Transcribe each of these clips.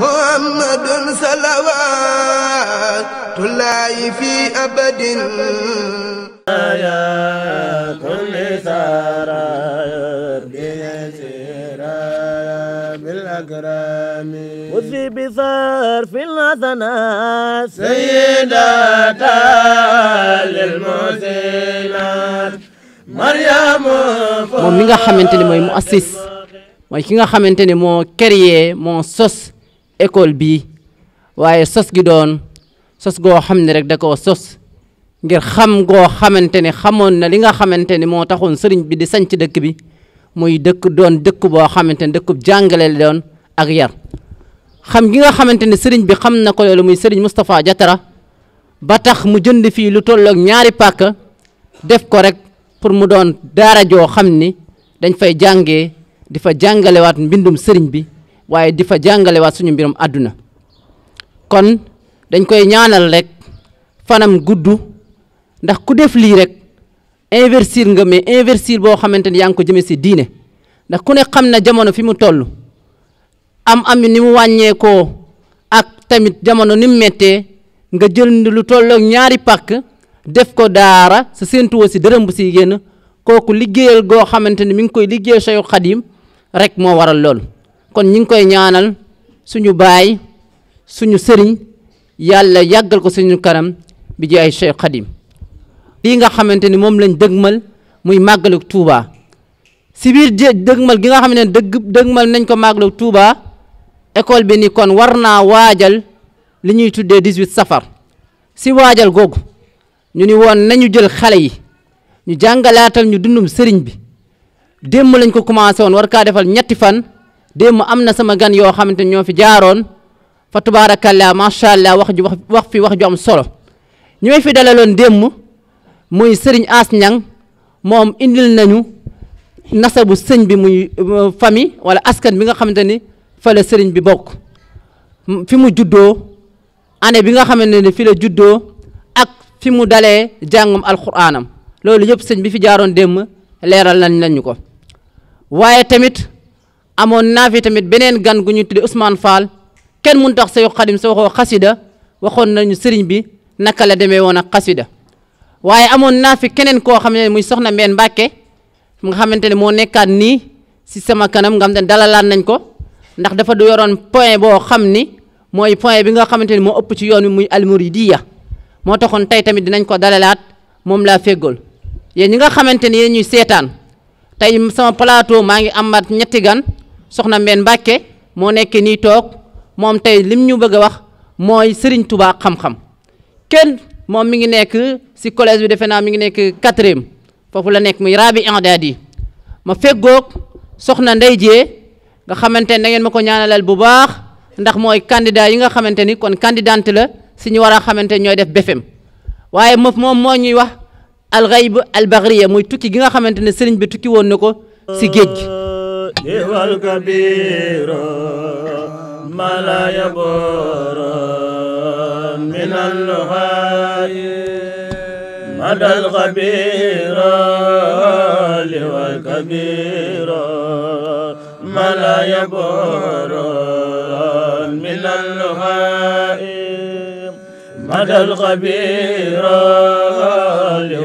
محمد صلوات الله في أبد يا كل سارة بنسيرة بالأكرام وفي بثار في الحسنات سيدة للمسلمات مريم moom mi nga xamante ne mooy ki nga xamante ne moo créé moo sos école bi waaye sos gi doon sos goo xam ne rek da koo sos ngir xam goo xamante ne xamoon na li nga xamante ne moo taxoon sëriñ bi di sanc dëkk bi muy dëkk doon dëkk boo xamante ni dëkk jàngale la doon ak yar xam gi nga xamante ne sëriñ bi xam na ko loolu muy sëriñ Moustapha Diatara ba tax mu jënd fii lu tolloog ñaari pàkk def ko rek pour mu doon daara joo xam ni dañ fay jàngee di fa jàngalewaat mbindum sëriñ bi waaye di fa jàngalewaat suñu mbirum àdduna kon dañ koy ñaanal rek fanam gudd ndax ku def lii rek investir nga mais investir boo xamante ni yaa ngi ko jëmee si diine ndax ku ne xam na jamono fi mu toll am am ni wàññeekoo ak tamit jamono ni mu méttee nga jël lu tolloog ñaari pàkk def ko daara sa séentuwoo si dërëm bu si génn kooku liggéeyal goo xamante ni mu ngi koy liggéeyal Seexul Xadiim rek moo waral loolu kon ñu ngi koy ñaanal suñu baay suñu sëriñ yàlla yàggal ko suñu kanam bi ji ay Cheikh Khadim lii nga xamante ni moom lañ dëgmal muy màggale Touba si biir dëgmal gi nga xam ne dëgg dëgmal nañ ko màggalu Touba école bi ni kon war naa waajal li ñuy tuddee 18 safar si waajal googu ñu ni woon nañu jël xale yi ñu jàngalaatal ñu dundum sëriñ bi démb lañ ko commencé woon war kaa defal ñetti fan démb am na sama gan yoo xamante ne ñoo fi jaaroon fa tubaarakallaa macha allah wax ju wax wax fi wax ju am solo ñu may fi dalaloon démb muy sëriñ As Ñang moom indil nañu nasabu sëñ bi muy euh, famille wala askan bi nga xamante ni fa la sëriñ bi bokk fi mu juddoo année bi nga xamante ni fi la juddoo ak fi mu dalee jàngum alquraanam loolu yëpp sëñ bi fi jaaroon démb leeral nañ lañu ko waaye tamit amoon naa fi tamit beneen gan gu ñu tudde Ousmane Fall kenn mun tax sayu xadim soo waxoo xasida waxoon nañu sëriñ bi naka la demee woon ak xasida waaye amoon naa fi keneen koo xam ne muy soxna Mbène Mbàkke nga xamante ne moo nekkaat nii si sama kanam ngam xam dalalaat nañ ko ndax dafa du yoroon point boo xam ni mooy point bi nga xamante ne moo ëpp ci yoon wi muy almuridiya moo taxoon tey tamit dinañ ko dalalaat moom laa féggool yéen ñi nga xamante ni yéen ñuy seetaan tey sama plateau maa ngi am mat ñetti gan soxna Mbène Mbacke moo nekkee nii toog moom tey lim ñu bëgg a wax mooy Serigne tubaab xam-xam kenn moom mi ngi nekk si collège bi defe naa mi ngi nekk quatrième foofu la nekk muy rabi indaad yi ma feggook soxna Ndeye nga xamante ne da ngeen ma ko ñaanalal bu baax ndax mooy candidat yi nga xamante ni kon candidante la si ñu war a xamante ñooy def BFEM waaye moom moo ñuy wax. الغيب البغرية موي توكي غيغا خامتاني سيرن بي توكي وون نكو سي گيج من اللهاي مدى الغبير ديوال كبير ما لا من اللهاي على الخبيرة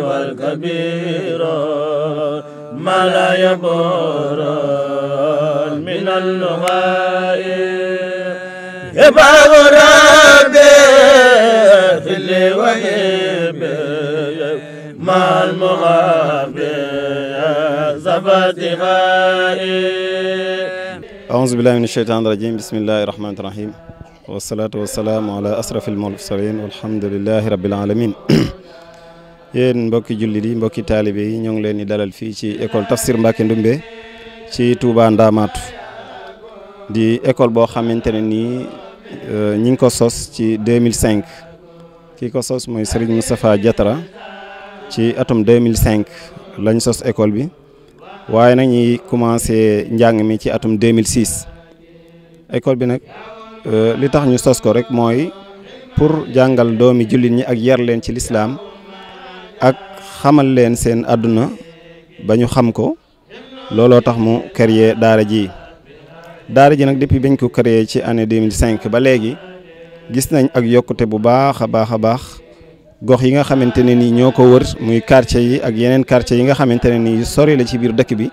والكبيرة ما لا يبر من اللغاء يبقى ربي في اللي مع المغابي زفت غائب أعوذ بالله من الشيطان الرجيم بسم الله الرحمن الرحيم wasalaatu wasalaamu ala asrafil mursalin walhamdulilahi rabbil alamin yéen mbokki jullit yi mbokki taalibe yi ñoo ngi leen di dalal fii ci école Tafsir Mbacke Ndoumbé ci Touba Ndamaatu di école boo xamante ne nii euh, ñi ngi ko sos ci 2005 kii ko sos mooy Serigne Moustapha Diatara ci atum 2005 lañ sos école bi waaye nag ñi commencé njàng mi ci atum 2006 école bi nag. Euh, li tax ñu sos ko rek mooy pour jàngal doomi jullit ñi ak yar leen ci lislaam ak xamal leen seen àdduna ba ñu xam ko looloo tax mu créer daara ji daara ji nag depuis bañ ko créer ci année 2005 ba léegi gis nañ ak yokkute bu baax a baax a baax gox yi nga xamante ne nii ñoo ko wër muy quartier yi ak yeneen quartier yi nga xamante ne nii sori la ci biir dëkk bi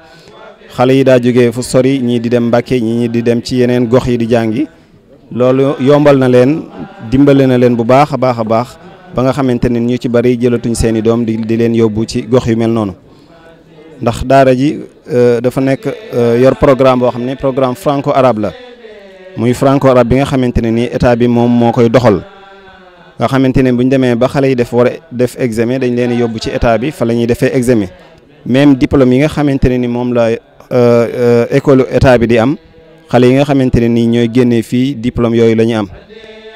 xale yi daa jóge fu sori ñii di dem Mbàkke ñii di dem ci yeneen gox yi di jàngi loolu yombal na leen dimbale na leen bu baax a baax a baax ba nga xamante ne ñu ci bari jëlatuñ seeni doom di di leen yóbbu ci gox yu mel noonu ndax daara ji euh, dafa nekk euh, yor programme boo xam ne programme franco arabe la muy franco arabe bi nga xamante ne nii état bi moom moo koy doxal nga xamante ne bu ñu demee ba xale yi def war def examen dañ leen yóbbu ci état bi fa la ñuy defee examen même diplôme yi nga xamante ne ni moom la euh, école état bi di am. xalé yi nga xamanteni ne nii ñooy génnee diplôme yooyu lañu am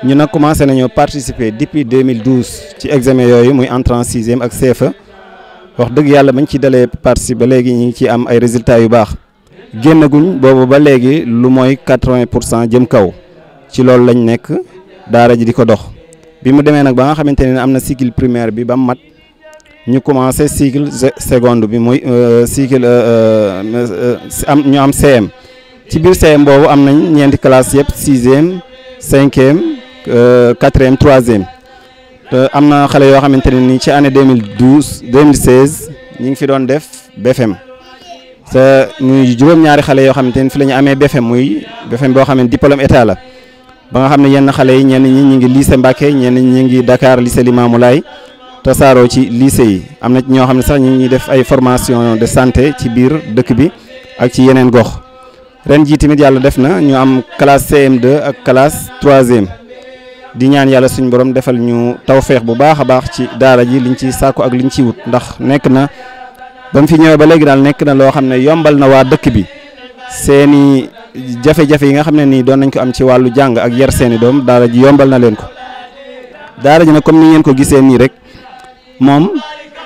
ñu nak commencé nañoo participer depuis 2012 ci examen yooyu muy entrée en sixième ak CFEE wax dëgg yàlla bañ ci dalé participer légui ñi ci am ay résultats yu baax génnaguñ boobu ba légui lu moy 80 jëm kaw ci lool lañ nekk daara ji diko dox bi mu démé nak ba nga xamanteni amna cycle primaire bi ba mat ñu commencé cycle seconde bi moy euh, cycle euh, euh, am ñu am CM. ci biir CM boobu am nañ ñeenti classe yëpp sixième cinquième euh, quatrième troisième te am na xale yoo xamante ne nii ci année deux mille douze deux mille ñu ngi fi doon def BFM te muy juróom-ñaari xale yoo xamante ni fi la ñu amee BFM muy BFM boo xam ne diplôme état la ba nga xam ne yenn xale yi ñenn ñi ñu ngi lycée Mbacké ñenn ñi ngi Dakar lycée Limamou Laye tasaaroo ci lycée yi am na ñoo xam ne sax ñu ngi def ay formation de santé ci biir dëkk bi ak ci yeneen gox. ren jii tamit yàlla def na ñu am classe CM2 ak classe troisième di ñaan yàlla suñu borom defal ñu tawféex bu baax a baax ci daara ji liñ ci sàkku ak liñ ciy wut ndax nekk na ba mu fi ñëwee ba léegi daal nekk na loo xam ne yombal na waa dëkk bi seeni jafe-jafe yi nga xam ne nii doon nañ ko am ci wàllu jàng ak yar seeni doom daara ji yombal na leen ko daara ji nag comme ni ngeen ko gisee nii rek moom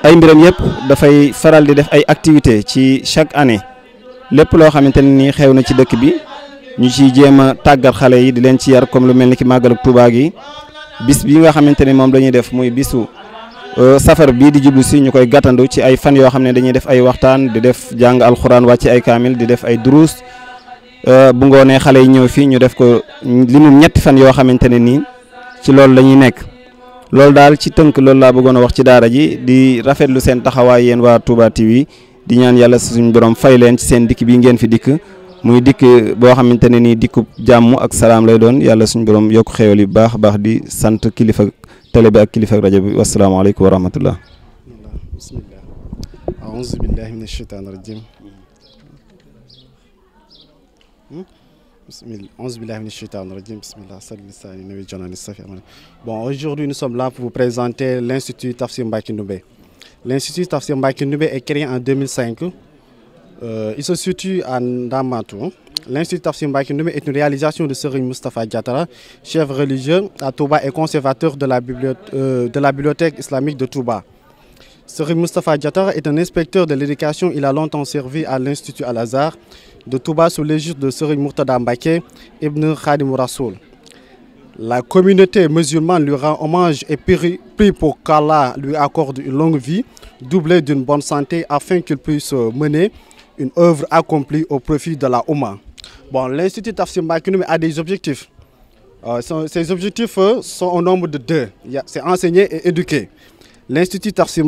ay mbiram yëpp dafay faral di def ay activités ci chaque année. lépp loo xamante ne nii xew na ci dëkk bi ñu ciy jéem a tàggat xale yi di leen ci yar comme lu mel ni ki màggalu Tuubaa yi bis bi nga xamante ne moom la def muy bisu euh, safar bii di jublu si ñu koy gàttandu ci ay fan yoo xam ne dañuy def ay waxtaan di def jàng alxuraan wàcc ay kaamil di def ay duruus euh, bu ngoonee xale yi ñëw fii ñu def ko li mu ñetti fan yoo xamante ne nii ci loolu la ñuy nekk loolu daal ci tënk loolu laa bëggoon a wax ci daara ji di rafetlu seen taxawaay yéen waa Touba TV di ñaan yalla suñu borom fay leen ci seen dik bi ngeen fi dik muy dik bo xamante ni nii jamm ak salam lay doon yalla suñu borom yok xewal yu baax a baax di sante kilifa télé bi ak kilifa rajo bi wasalaamaaleykum wa rahmatullah bismillah aouzu billahi minash asheytaan rajim Bon, aujourd'hui, nous sommes là pour vous présenter l'Institut Tafsir Mbaki Noubé. L'Institut Tafsir Mbakinube est créé en 2005. Euh, il se situe à Ndamatou. L'Institut Tafsir Nube est une réalisation de Serine Mustafa Diatara, chef religieux à Touba et conservateur de la, euh, bibliothèque islamique de Touba. Serine Mustafa Diatara est un inspecteur de l'éducation. Il a longtemps servi à l'Institut Al-Azhar de Touba sous l'égide de Serine Murtada Mbake, Ibn Khadim Rasoul. La communauté musulmane lui rend hommage et prie pour qu'Allah lui accorde une longue vie, doublée d'une bonne santé, afin qu'il puisse mener une œuvre accomplie au profit de la Ouma. Bon, l'Institut Tafsir a des objectifs. Euh, objectifs euh, sont au nombre de deux. C'est enseigner et éduquer. L'Institut Tafsir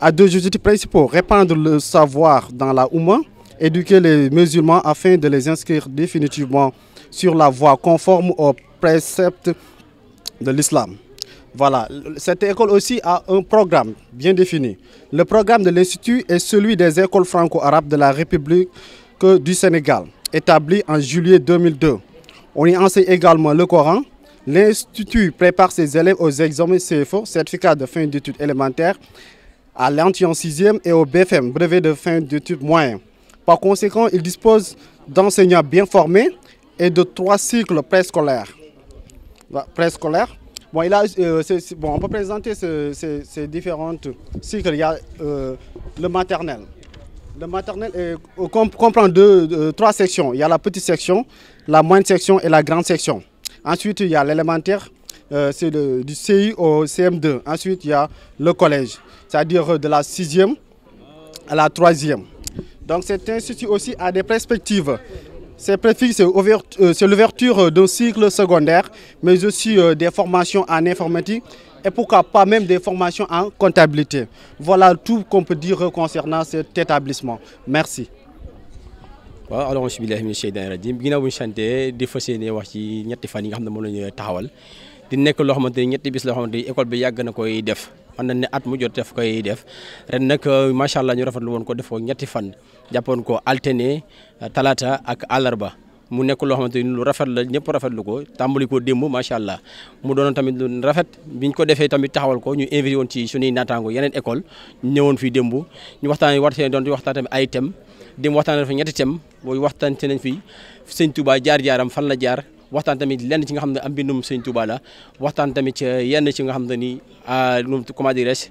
a deux objectifs principaux. Répandre le savoir dans la Ouma, éduquer les musulmans afin de les inscrire définitivement sur la voie conforme au préceptes de l'islam. Voilà, cette école aussi a un programme bien défini. Le programme de l'Institut est celui des écoles franco-arabes de la République du Sénégal, établi en juillet 2002. On y enseigne également le Coran. L'Institut prépare ses élèves aux examens CFO, certificat de fin d'études élémentaires, à l'entrée en 6e et au BFM, brevet de fin d'études moyen. Par conséquent, il dispose d'enseignants bien formés et de trois cycles préscolaires préscolaire. Bon, il a, euh, bon, on peut présenter ces, différents cycles. Il y a euh, le maternel. Le maternel euh, comprend deux, trois sections. Il y a la petite section, la moindre section et la grande section. Ensuite, il y a l'élémentaire, c'est du CI au CM2. Ensuite, il y a le collège, c'est-à-dire de la sixième à la troisième. Donc, cet institut aussi a des perspectives ces préfixes, euh, c'est l'ouverture d'un cycle secondaire, mais aussi euh, des formations en informatique et pourquoi pas même des formations en comptabilité. Voilà tout qu'on peut dire concernant cet établissement. Merci. waaw alors auzu billaahi mina sheytaani rajiim ginnaaw bu ñu sante di fas yéene wax ci ñetti fan yi nga xam ne moom la ñu taxawal di nekk loo xamante ni ñetti bis loo xamante ni école bi yàgg na koy def man na ne at mu jot def koy def ren nag macha allah ñu rafetlu woon ko def ko ñetti fan. jàppoon ko altine talaata ak àllarba mu nekk loo xamante ni lu rafet la ñëpp rafetlu ko tàmbali ko démb macha allah mu doonoon tamit lu rafet biñ ko defee tamit taxawal ko ñu invité woon ci suñuy naataango yeneen école ñu ñëwoon fii démb ñu waxtaanee war seen doon di waxtaan tamit ay thèmes démb waxtaan fa ñetti thèmes booy waxtaan nañ fi sëñ Touba jaar-jaaram fan la jaar. waxtaan tamit lenn ci nga xam ne am bindum sëñ Touba la waxtaan tamit yenn ci nga ni ne ni ah, nu comment dirais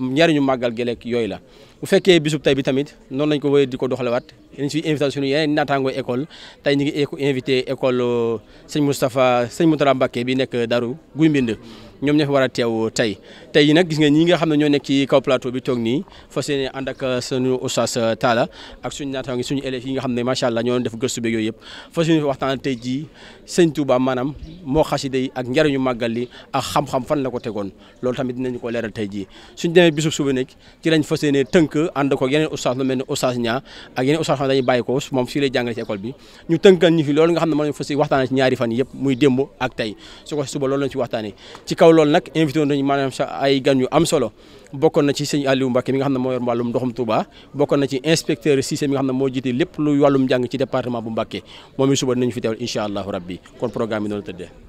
njariñu màggal gelek yooyu la bu fekkee bisub tey bi tamit noonu lañ ko wéyee di ko doxalewaat dañ siy invité suñu yeneen naataangoo école tey ñu ngi invité école euh, sëñ Moustapha sëñ Moutara Mbacké bi nekk Daru Guy Mbind ñoom ñoo fi war a teew tey tey nak gis nga ñi nga xamne ñoo nek ci kaw plateau bi tok ni fas and euh, euh, ak suñu oustaz tala ak suñu ngi suñu élèves yi nga xamne ne macha allah ñoo def geustu be yoy yep fas yéene waxtaan tey jii sëñ Touba manam mo xasida ak njariñu màggal li ak xam-xam fan la ko tegon lool tamit dinañ ko leral tay ji suñu demé bisub suba nek ci lañ fas teunk and ko yeneen oustaz lu melni ne oustaz nya ak yeneen oustaz xam dañuy bayiko mom fi nyi lay jàngale ci école bi ñu tënkal ñi fi lool nga xamne ne lañ nañu fas waxtaan ci ñaari fan yep muy dembo ak tay su ko suba lool lañ ci waxtane ci kaw lool nak invité nañu manam ay gan yu am solo bokkon na ci seigne Aliou mbake mi nga xamne mo yor walum doxum Touba bokkon na ci inspecteur Cissé mi nga xamne mo jité lepp lu walum jang ci département bu mbake momi suba nañ fi teewal inshallah rabbi kon programme ni noonu tëddee